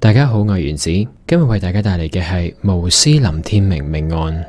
大家好，我係原子，今日為大家帶嚟嘅係《巫師林天明命案》。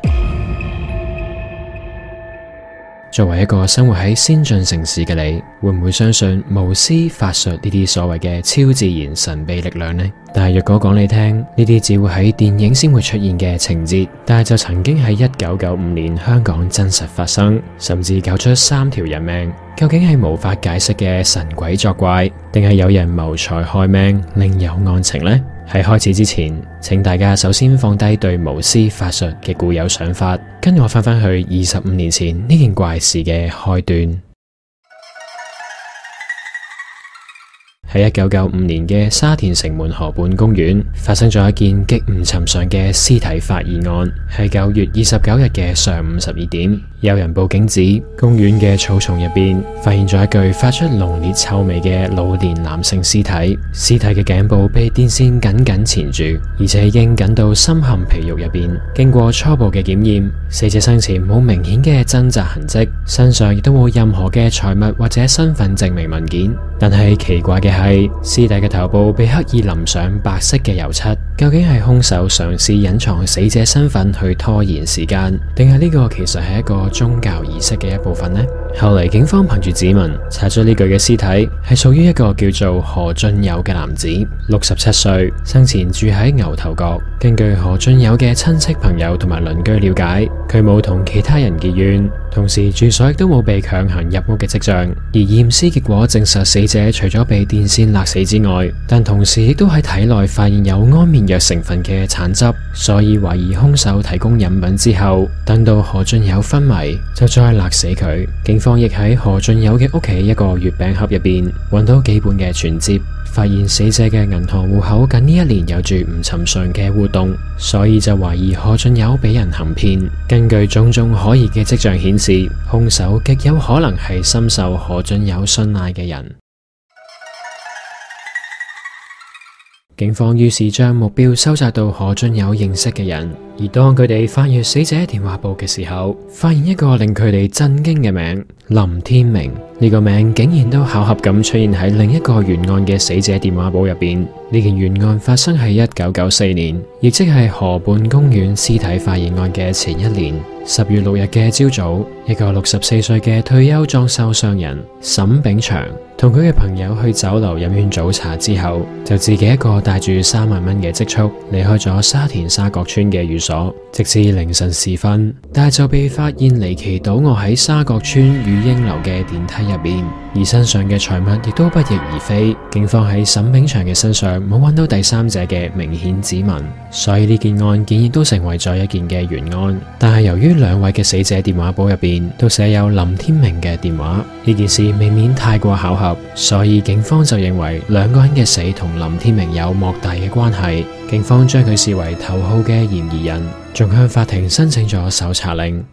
作為一個生活喺先進城市嘅你，會唔會相信巫師法術呢啲所謂嘅超自然神秘力量呢？但係若果講你聽呢啲只會喺電影先會出現嘅情節，但係就曾經喺一九九五年香港真實發生，甚至救出三條人命。究竟係無法解釋嘅神鬼作怪，定係有人謀財害命另有案情呢？喺開始之前，請大家首先放低對巫師法術嘅固有想法，跟我返返去二十五年前呢件怪事嘅開端。喺一九九五年嘅沙田城門河畔公園發生咗一件極唔尋常嘅屍體發現案。喺九月二十九日嘅上午十二點，有人報警指公園嘅草叢入邊發現咗一具發出濃烈臭味嘅老年男性屍體。屍體嘅頸部被電線緊緊纏住，而且已經緊到深陷皮肉入邊。經過初步嘅檢驗，死者生前冇明顯嘅掙扎痕跡，身上亦都冇任何嘅財物或者身份證明文件。但係奇怪嘅係屍體嘅頭部被刻意淋上白色嘅油漆。究竟係兇手嘗試隱藏死者身份去拖延時間，定係呢個其實係一個宗教儀式嘅一部分呢？後嚟警方憑住指紋查出呢具嘅屍體係屬於一個叫做何俊友嘅男子，六十七歲，生前住喺牛頭角。根據何俊友嘅親戚朋友同埋鄰居了解，佢冇同其他人結怨，同時住所亦都冇被強行入屋嘅跡象。而驗屍結果證實死者除咗被電線勒死之外，但同時亦都喺體內發現有安眠藥成分嘅橙汁，所以懷疑凶手提供飲品之後，等到何俊友昏迷，就再勒死佢。警方亦喺何俊友嘅屋企一個月餅盒入邊，揾到幾本嘅存折，發現死者嘅銀行戶口近呢一年有住唔尋常嘅活動，所以就懷疑何俊友俾人行騙。根據種種可疑嘅跡象顯示，凶手極有可能係深受何俊友信賴嘅人。警方於是將目標收集到何俊友認識嘅人，而當佢哋翻閲死者電話簿嘅時候，發現一個令佢哋震驚嘅名，林天明。呢個名竟然都巧合咁出現喺另一個原案嘅死者電話簿入邊。呢件原案發生喺一九九四年，亦即係河畔公園屍體發現案嘅前一年。十月六日嘅朝早，一個六十四歲嘅退休裝修商人沈炳祥，同佢嘅朋友去酒樓飲完早茶之後，就自己一個帶住三萬蚊嘅積蓄離開咗沙田沙角村嘅寓所，直至凌晨時分，但係就被發現離奇倒臥喺沙角村雨燕樓嘅電梯入面，而身上嘅財物亦都不翼而飛，警方喺沈炳祥嘅身上冇揾到第三者嘅明顯指紋，所以呢件案件亦都成為咗一件嘅懸案，但係由於，兩位嘅死者電話簿入邊都寫有林天明嘅電話，呢件事未免太過巧合，所以警方就認為兩個人嘅死同林天明有莫大嘅關係，警方將佢視為頭號嘅嫌疑人，仲向法庭申請咗搜查令。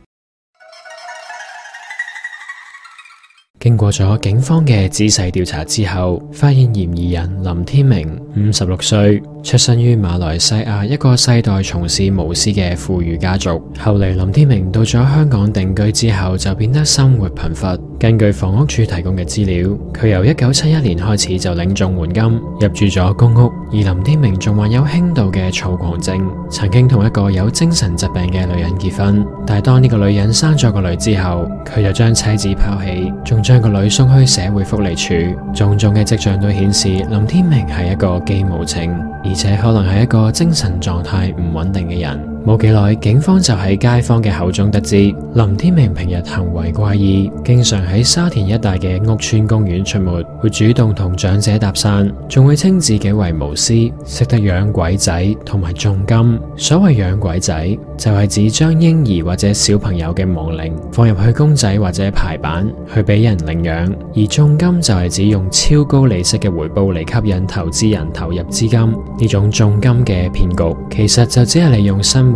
經過咗警方嘅仔細調查之後，發現嫌疑人林天明，五十六歲，出身於馬來西亞一個世代從事巫師嘅富裕家族。後嚟林天明到咗香港定居之後，就變得生活貧乏。根據房屋署提供嘅資料，佢由一九七一年開始就領綜援金，入住咗公屋。而林天明仲患有輕度嘅躁狂症，曾經同一個有精神疾病嘅女人結婚，但係當呢個女人生咗個女之後，佢就將妻子拋棄，仲將。將個女送去社會福利處，種種嘅跡象都顯示林天明係一個既無情，而且可能係一個精神狀態唔穩定嘅人。冇幾耐，警方就喺街坊嘅口中得知林天明平日行為怪異，經常喺沙田一帶嘅屋邨公園出沒，會主動同長者搭訕，仲會稱自己為巫師，識得養鬼仔同埋種金。所謂養鬼仔，就係、是、指將嬰兒或者小朋友嘅亡靈放入去公仔或者牌板去俾人領養；而種金就係指用超高利息嘅回報嚟吸引投資人投入資金。呢種種金嘅騙局，其實就只係利用新。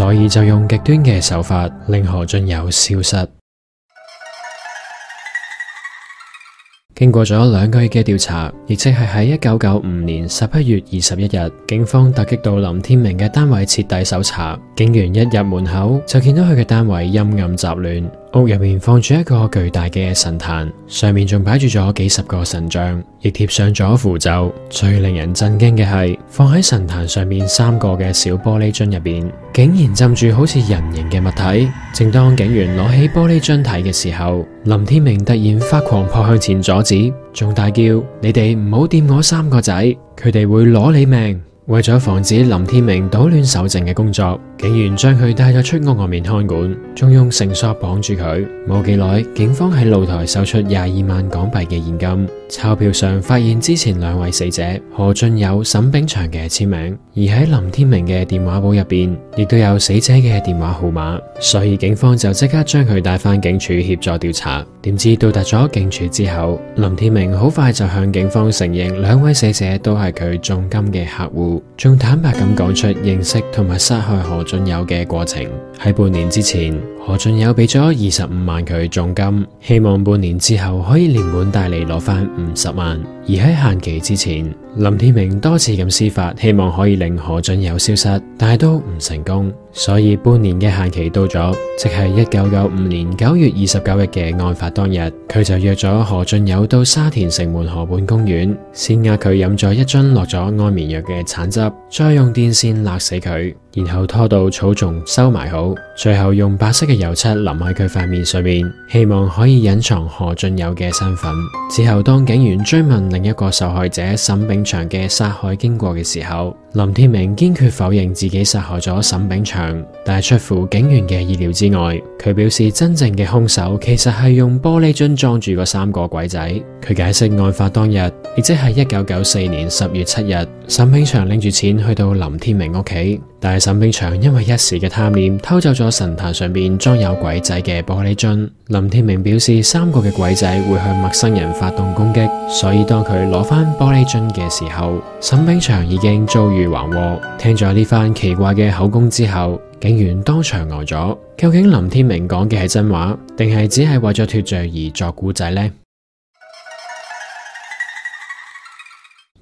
所以就用極端嘅手法令何俊友消失。經過咗兩個月嘅調查，亦即係喺一九九五年十一月二十一日，警方突擊到林天明嘅單位徹底搜查，警員一入門口就見到佢嘅單位陰暗雜亂。屋入面放住一個巨大嘅神壇，上面仲擺住咗幾十個神像，亦貼上咗符咒。最令人震驚嘅係，放喺神壇上面三個嘅小玻璃樽入面，竟然浸住好似人形嘅物體。正當警員攞起玻璃樽睇嘅時候，林天明突然發狂撲向前阻止，仲大叫：你哋唔好掂我三個仔，佢哋會攞你命！為咗防止林天明搗亂搜證嘅工作，警員將佢帶咗出屋外面看管，仲用繩索綁住佢。冇幾耐，警方喺露台搜出廿二萬港幣嘅現金，鈔票上發現之前兩位死者何俊友、沈炳祥嘅簽名，而喺林天明嘅電話簿入面亦都有死者嘅電話號碼，所以警方就即刻將佢帶翻警署協助調查。點知到達咗警署之後，林天明好快就向警方承認，兩位死者都係佢重金嘅客戶。仲坦白咁講出認識同埋殺害何俊友嘅過程。喺半年之前，何俊友俾咗二十五萬佢重金，希望半年之後可以連本帶利攞翻五十萬。而喺限期之前，林天明多次咁施法，希望可以令何俊友消失，但係都唔成功。所以半年嘅限期到咗，即係一九九五年九月二十九日嘅案發當日，佢就約咗何俊友到沙田城門河畔公園，先嗌佢飲咗一樽落咗安眠藥嘅橙汁，再用電線勒死佢。然後拖到草叢收埋好，最後用白色嘅油漆淋喺佢塊面上面，希望可以隱藏何俊友嘅身份。之後當警員追問另一個受害者沈炳祥嘅殺害經過嘅時候，林天明堅決否認自己殺害咗沈炳祥，但係出乎警員嘅意料之外，佢表示真正嘅兇手其實係用玻璃樽裝住嗰三個鬼仔。佢解釋案發當日，亦即係一九九四年十月七日。沈炳祥拎住錢去到林天明屋企，但係沈炳祥因為一時嘅貪念偷走咗神壇上面裝有鬼仔嘅玻璃樽。林天明表示三個嘅鬼仔會向陌生人發動攻擊，所以當佢攞返玻璃樽嘅時候，沈炳祥已經遭遇橫禍。聽咗呢番奇怪嘅口供之後，警員當場呆咗。究竟林天明講嘅係真話，定係只係為咗脫罪而作故仔呢？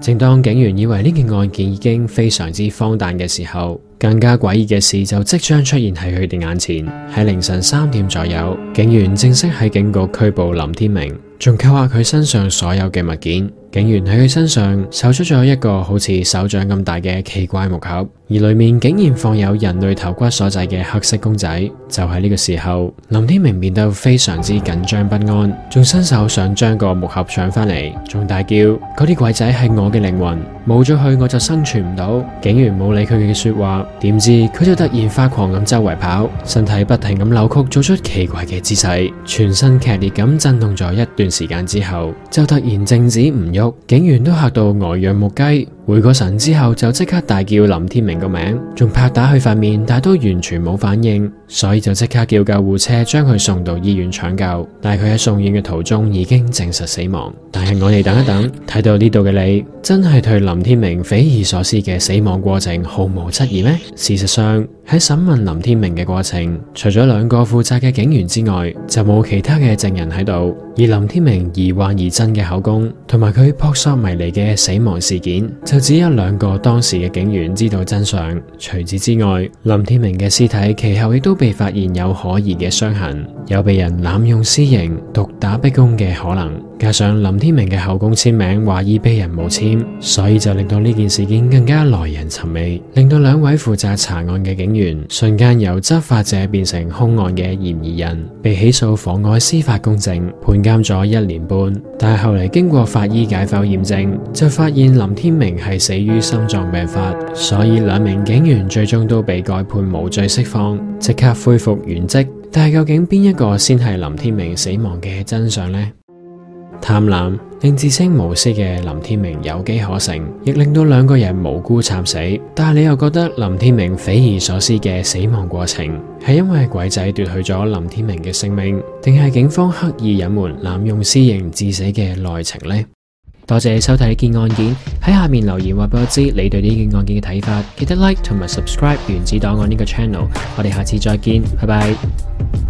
正當警員以為呢件案件已經非常之荒誕嘅時候，更加詭異嘅事就即將出現喺佢哋眼前。喺凌晨三點左右，警員正式喺警局拘捕林天明，仲扣下佢身上所有嘅物件。警員喺佢身上搜出咗一個好似手掌咁大嘅奇怪的木盒。而裏面竟然放有人類頭骨所製嘅黑色公仔，就喺呢個時候，林天明變得非常之緊張不安，仲伸手想將個木盒搶翻嚟，仲大叫，嗰啲鬼仔係我嘅靈魂，冇咗佢我就生存唔到。警員冇理佢嘅說話，點知佢就突然發狂咁周圍跑，身體不停咁扭曲，做出奇怪嘅姿勢，全身劇烈咁震動咗一段時間之後，就突然靜止唔喐，警員都吓到呆若木雞。回過神之後就即刻大叫林天明個名，仲拍打佢塊面，但都完全冇反應，所以就即刻叫救護車將佢送到醫院搶救。但係佢喺送院嘅途中已經證實死亡。但係我哋等一等，睇到呢度嘅你，真係對林天明匪夷所思嘅死亡過程毫無質疑咩？事實上喺審問林天明嘅過程，除咗兩個負責嘅警員之外，就冇其他嘅證人喺度。而林天明疑幻而真嘅口供同埋佢撲朔迷離嘅死亡事件，就只有兩個當時嘅警員知道真相。上除此之外，林天明嘅屍體其後亦都被發現有可疑嘅傷痕，有被人濫用私刑、毒打、逼供嘅可能。加上林天明嘅口供簽名懷疑被人冒簽，所以就令到呢件事件更加耐人尋味，令到兩位負責查案嘅警員瞬間由執法者變成兇案嘅嫌疑人，被起訴妨礙司法公正，判監咗一年半。但係後嚟經過法醫解剖驗證，就發現林天明係死於心臟病發，所以兩名警員最終都被改判無罪釋放，即刻恢復原職。但係究竟邊一個先係林天明死亡嘅真相呢？貪婪令自清無私嘅林天明有機可乘，亦令到兩個人無辜慘死。但係你又覺得林天明匪夷所思嘅死亡過程，係因為鬼仔奪去咗林天明嘅性命，定係警方刻意隱瞞、濫用私刑致死嘅內情呢？多謝收睇呢件案件，喺下面留言話俾我知你對呢件案件嘅睇法，記得 Like 同埋 Subscribe 原子檔案呢個 channel。我哋下次再見，拜拜。